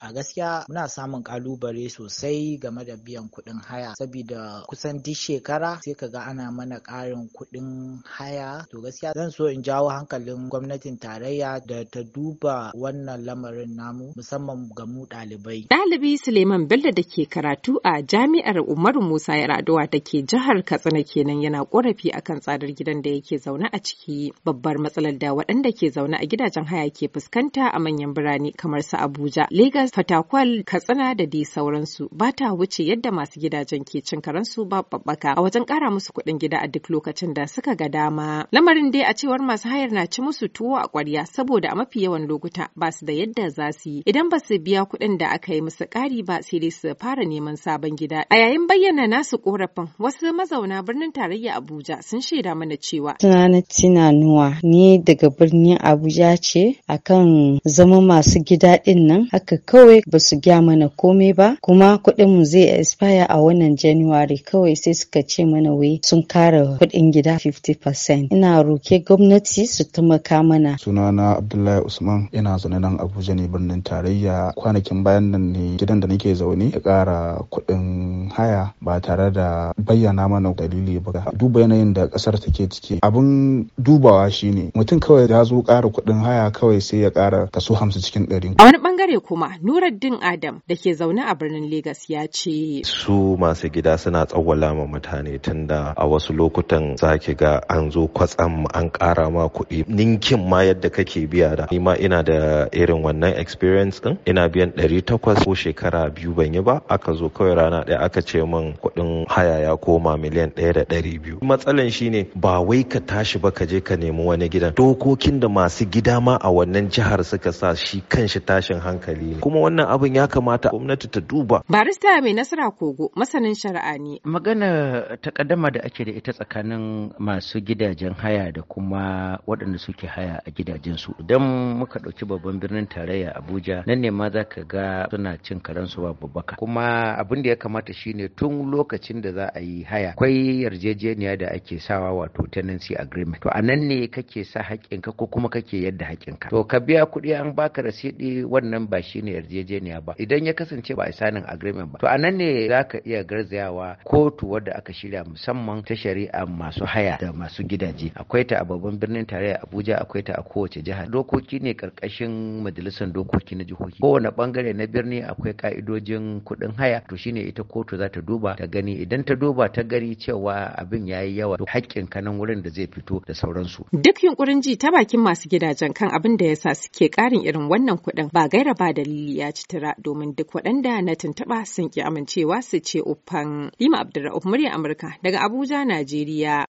A gaskiya muna samun kalubale sosai game da biyan kuɗin haya saboda kusan duk shekara sai ka ga ana mana ƙarin kuɗin haya. To gaskiya zan so in jawo hankalin gwamnatin tarayya da ta duba wannan lamarin namu musamman ga mu ɗalibai. Ɗalibi Suleiman Bello da ke karatu a jami'ar Umaru Musa Yar'adua da ke jihar Katsina kenan yana korafi akan tsadar gidan da yake zaune a ciki. Babbar matsalar da waɗanda ke zaune a gidajen haya ke fuskanta a manyan birane kamar su Abuja, Legas Fatakwal, Katsina da dai sauransu ba ta wuce yadda masu gidajen ke cin karansu ba babbaka a wajen kara musu kuɗin gida a duk lokacin da suka ga dama. Lamarin dai a cewar masu hayar na ci musu tuwo a ƙwarya saboda a mafi yawan lokuta ba su da yadda za su yi idan ba su biya kuɗin da aka yi musu ƙari ba sai dai su fara neman sabon gida. A yayin bayyana nasu korafin wasu mazauna birnin tarayya Abuja sun shaida mana cewa. Sunana nuwa ni daga birnin Abuja ce akan zama masu gida ɗin nan haka kawai kawai ba su gya mana komai ba kuma kuɗin mu zai expire a wannan January kawai sai suka ce mana wai sun kara kuɗin gida 50%. Ina roke gwamnati su taimaka mana. Sunana Abdullahi Usman ina zaune nan Abuja ne birnin tarayya kwanakin bayan nan ne gidan da nake zaune ya kara kuɗin haya ba tare da bayyana mana dalili ba. Duba yanayin da ƙasar take ciki abin dubawa shine mutum kawai ya zo ƙara kuɗin haya kawai sai ya ƙara kaso hamsin cikin ɗari. A wani ɓangare kuma Nuruddin Adam da ke zaune a birnin Legas ya ce. Su masu gida suna tsawwala ma mutane tunda a wasu lokutan zaki ga an zo kwatsam an ƙara ma kuɗi ninkin ma yadda kake biya da. Ni ma ina da irin wannan experience din. ina biyan ɗari takwas ko shekara biyu ban yi ba aka zo kawai rana ɗaya aka ce min kuɗin haya ya koma miliyan ɗaya da ɗari biyu. Matsalan shine ba wai ka tashi ba ka je ka nemi wani gidan dokokin da masu gida ma a wannan jihar suka sa shi kanshi tashin hankali ne. Kuma kuma wannan abin ya kamata gwamnati ta duba. Barista mai nasara kogo masanin shari'a ne. Magana takaddama da ake da ita tsakanin masu gidajen haya da kuma waɗanda suke haya a gidajen su. Idan muka ɗauki babban birnin tarayya Abuja nan ne ma za ka ga suna cin karensu ba babbaka. Kuma abin da ya kamata shine tun lokacin da za a yi haya akwai yarjejeniya da ake sawa wato tenancy agreement. To a nan ne kake sa haƙƙinka ko kuma kake yadda haƙƙinka. To ka biya kuɗi an baka rasidi wannan ba shine yarjejeniya ba idan ya kasance ba a sanin agreement ba to anan ne za ka iya garzayawa kotu wadda aka shirya musamman ta shari'a masu haya da masu gidaje akwai ta a babban birnin tarayya Abuja akwai ta a kowace jiha dokoki ne karkashin majalisar dokoki na jihohi kowane bangare na birni akwai ka'idojin kuɗin haya to shine ita kotu za ta duba ta gani idan ta duba ta gari cewa abin ya yi yawa haƙƙin kanan wurin da zai fito da sauransu duk yunkurin ji ta bakin masu gidajen kan abin da ya sa suke ƙarin irin wannan kuɗin ba gaira ba dalili ya ci tura domin duk waɗanda na tuntuɓa sun ki amincewa su ce uffan. Lima Abdulra'uf murya Amurka daga Abuja, Najeriya.